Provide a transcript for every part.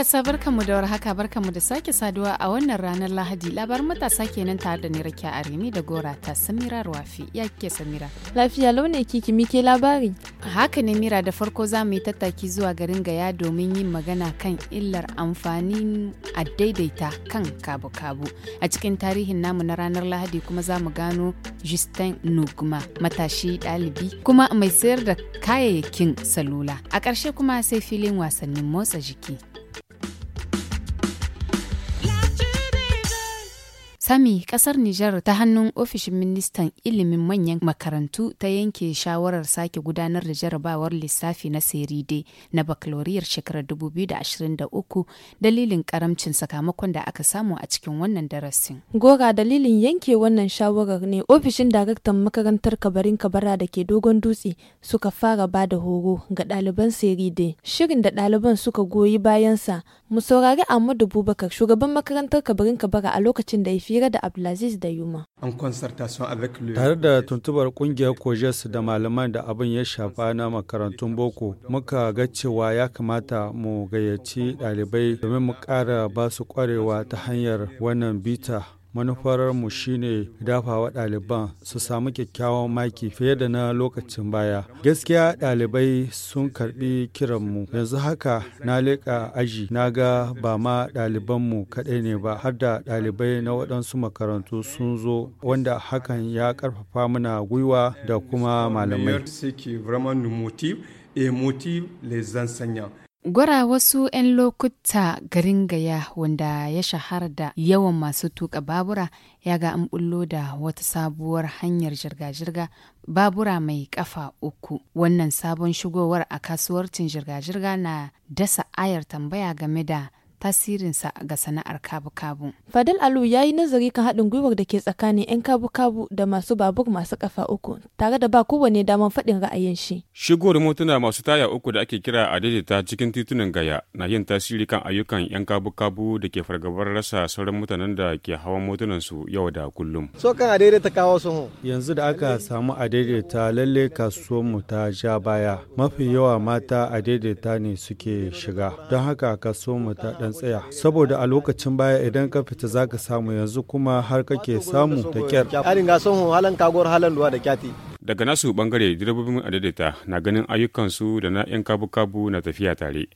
matasa barkanmu da warhaka barkanmu da sake saduwa a wannan ranar Lahadi labar matasa kenan tare da ni Rakiya Arimi da Gora ta Samira ruwafi ya kike Samira lafiya launi kiki mike labari haka ne Mira da farko za mu yi tattaki zuwa garin Gaya domin yin magana kan illar amfanin a daidaita kan kabu-kabu a cikin tarihin namu na ranar Lahadi kuma za mu gano Justin Nugma matashi ɗalibi kuma mai sayar da kayayyakin salula a ƙarshe kuma sai filin wasannin motsa jiki Sami kasar Nijar ta hannun ofishin ministan ilimin manyan makarantu ta yanke shawarar sake gudanar da jarabawar lissafi na seride na bakaloriyar shekarar 2023 dalilin karamcin sakamakon da aka samu a cikin wannan darasin. Goga dalilin yanke wannan shawarar ne ofishin daraktan makarantar kabarin kabara da ke dogon dutse suka fara ba da horo ga ɗaliban seride. Shirin da ɗaliban suka goyi bayansa Mu saurari Ahmadu Bubakar, shugaban makarantar Kabarin Kabara a lokacin da ya fira da Abdulaziz da Yuma. Tare da tuntubar kungiyar Kojes da malaman da abin ya shafa na makarantun boko, muka ga cewa ya kamata mu gayyaci ɗalibai domin mu ƙara ba su ƙwarewa ta hanyar wannan bita manufararmu shine dafawa ɗaliban su samu kyakkyawan maki fiye da na lokacin baya gaskiya ɗalibai sun karbi kiranmu yanzu haka na leƙa aji na ga ba ma ɗalibanmu kaɗai ne ba har da ɗalibai na waɗansu makarantu sun zo wanda hakan ya ƙarfafa mana gwiwa da kuma malamai Gwara wasu 'yan lokuta garin gaya wanda ya shahara da yawan masu tuka babura ya ga an bullo da wata sabuwar hanyar jirga-jirga babura mai kafa uku. Wannan sabon shigowar a kasuwarcin jirga-jirga na dasa ayar tambaya game da tasirinsa ga sana'ar kabu-kabu. Fadal Alu ya yi nazari kan haɗin gwiwar da ke tsakanin 'yan kabu-kabu da masu babur masu kafa uku, tare da ba kowane damar faɗin ra'ayin shi. Shigowar motuna masu taya uku da ake kira a daidaita cikin titunan gaya na yin tasiri kan ayyukan 'yan kabu-kabu da ke fargabar rasa sauran mutanen da ke hawan motunan su yau da kullum. So kan a daidaita kawo hu. Yanzu da aka samu a daidaita lalle kasuwar mu ta ja baya. Mafi yawa mata a daidaita ne suke shiga. Don haka kasuwar mu ta ɗan dan tsaya saboda a lokacin baya idan ka fita zaka samu yanzu kuma har kake samu da kyar. Arin ga son halan kagor halan duwa da kyati. daga nasu bangare direbobin adadita na ganin ayyukansu da na 'yan kabu-kabu na tafiya tare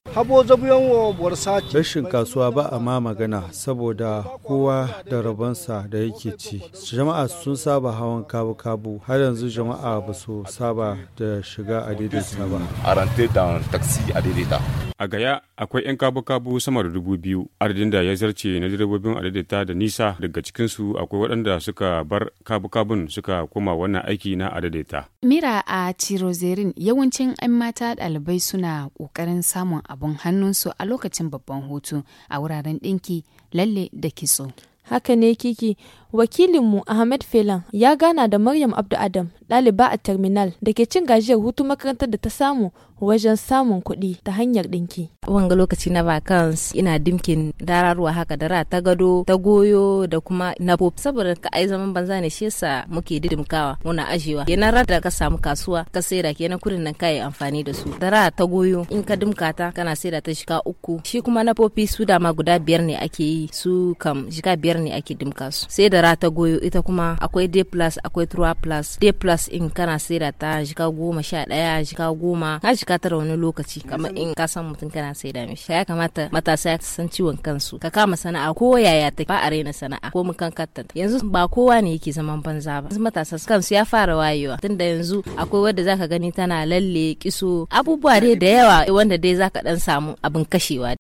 rashin kasuwa ba a ma magana saboda kowa da rabonsa da yake ci jama'a sun saba hawan kabu-kabu har yanzu jama'a ba su saba da shiga adadita ba a gaya akwai 'yan kabu-kabu sama da dubu biyu adadin da ya zarce na direbobin adadita da nisa daga cikinsu akwai waɗanda suka bar kabu-kabun suka koma wannan aiki na adadita da Mira a Cirozerin yawancin 'yan mata ɗalibai suna ƙoƙarin samun abun hannunsu a lokacin babban hutu a wuraren ɗinki lalle da kitso. Haka ne kiki, wakilinmu Ahmed Felan ya gana da Maryam Abdu Adam, ɗaliba a terminal da ke cin gajiyar hutu makarantar da ta samu wajen samun kuɗi ta hanyar ɗinki. Wanga lokaci na vacans ina dimkin dararuwa haka da ta gado ta goyo da kuma na pop saboda ka ai zaman banza ne shi yasa muke didimkawa muna ajewa yana ra da ka samu kasuwa ka saida kenan kurin nan kai amfani da su dara ra ta goyo in ka dimka ta kana saida ta shika uku shi kuma na popi su dama guda biyar ne ake yi su kam shika biyar ne ake dimka su sai da ra ta goyo ita kuma akwai day plus akwai trois plus day plus in kana saida ta shika goma sha ɗaya shika goma shiga tara wani lokaci kamar in ka san mutum kana sai da mishi ya kamata matasa ya san ciwon kansu ka kama sana'a ko yaya ta ba a raina sana'a ko mun kankanta yanzu ba kowa ne yake zaman banza ba matasa kansu ya fara wayewa tunda yanzu akwai wadda zaka gani tana lalle kiso abubuwa dai da yawa wanda dai zaka dan samu abin kashewa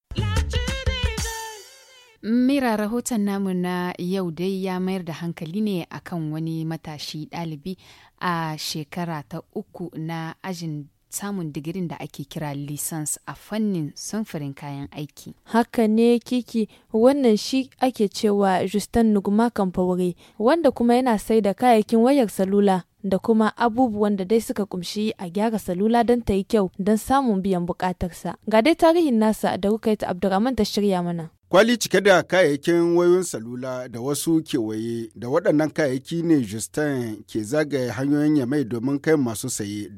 Mira rahoton namu na yau dai ya mayar da hankali ne akan wani matashi ɗalibi a shekara ta uku na ajin samun digirin da ake kira lisans a fannin samfurin kayan aiki. Haka ne kiki wannan shi ake cewa Justin Nuguma Kamfawari wanda kuma yana sai da kayayyakin wayar salula da kuma abubuwan da dai suka kumshi a gyara salula don ta yi kyau don samun biyan bukatarsa. Ga dai tarihin nasa da Rukait Abdurrahman ta shirya mana. Kwali cike da kayayyakin wayoyin salula da wasu kewaye da waɗannan kayayyaki ne Justin ke zagaye hanyoyin yamai domin kai masu saye.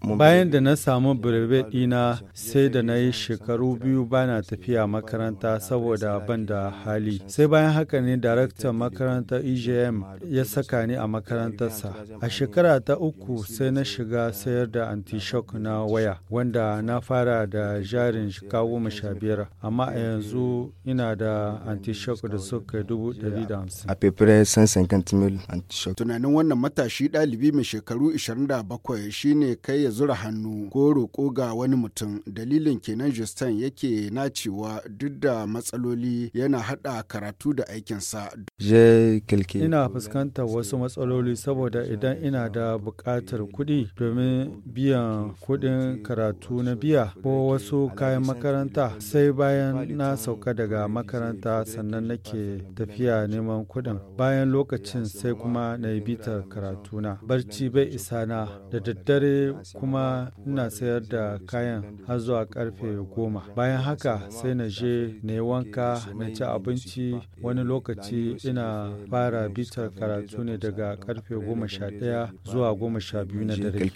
Bayan da na samu birbe ɗina sai da na yi shekaru biyu bana tafiya makaranta saboda ban da hali. Sai bayan haka ne daraktan makarantar EJM ya saka ni a makarantarsa. A shekara ta uku sai na shiga sayar da antishock na waya wanda na fara da jarin shiga mashabiyar. amma a yanzu ina da antishock da suka dubu ɗari da hamsin. A pepere 150 mil antishock. Tunanin wannan matashi ɗalibi mai shekaru 27 shine kai iya zura hannu ko roƙo ga wani mutum dalilin kenan Justin yake nacewa duk da matsaloli yana haɗa karatu da aikinsa. Ina fuskantar wasu matsaloli saboda idan ina da buƙatar kuɗi domin biyan kuɗin karatu na biya ko wasu kayan makaranta sai bayan na sauka daga makaranta sannan nake tafiya neman kuɗin bayan lokacin sai kuma na yi bitar karatuna barci bai isa na da daddare kuma ina sayar da kayan har zuwa karfe goma bayan haka sai na je na yi wanka na ci abinci wani lokaci ina fara bitar karatu ne daga karfe goma sha daya zuwa goma sha biyu na dare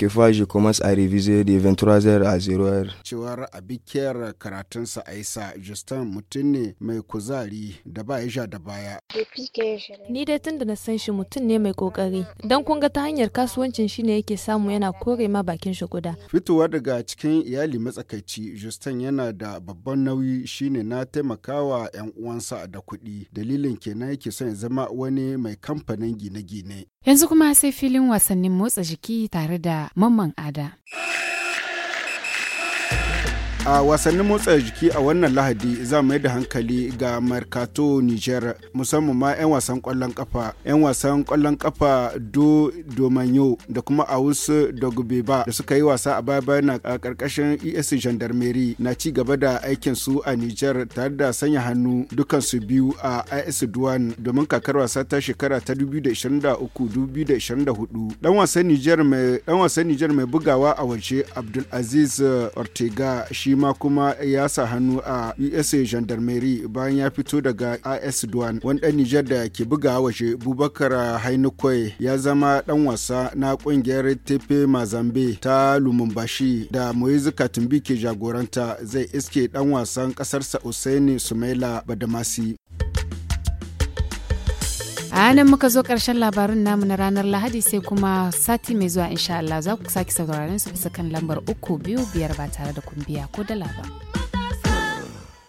cewar abikiyar karatunsa aisa justin mutum ne mai kuzari da ba ya da baya ni dai tun da na san shi mutum ne mai kokari don kun ga ta hanyar kasuwancin shi ne yake samu yana kore ma bakin lokacin shi guda. Fitowa daga cikin iyali matsakaici, Justin yana da babban nauyi shine na taimakawa 'yan uwansa da kuɗi. Dalilin kenan yake son ya zama wani mai kamfanin gine-gine. Yanzu kuma sai filin wasannin motsa jiki tare da mamman ada. a wasannin motsa jiki a wannan lahadi za mu da hankali ga mercato niger musamman ma 'yan wasan kwallon kafa 'yan wasan kwallon kafa do domanyo da kuma aus dogbeba da suka yi wasa a baya na a karkashin es gendarmerie na ci gaba da aikin su a niger tare da sanya hannu dukansu biyu a is duwan domin kakar wasa ta shekara ta 2023-2024 dan wasan niger mai bugawa a waje abdulaziz ortega shi shima ma kuma ya sa hannu a USA Gendarmerie bayan ya fito daga is Duan wani ɗan Nijar da ke buga waje Bubakar Hainukwai ya zama ɗan wasa na ƙungiyar Tepe Mazambe ta Lumumbashi da Moise Katumbi ke jagoranta zai iske ɗan wasan ƙasarsa Usaini Sumaila Badamasi. a nan muka zo karshen labarin namu na ranar lahadi sai kuma sati mai zuwa insha Allah za ku sake sauraron su bisa kan lambar uku biyu biyar ba tare da kumbiya ko dala ba.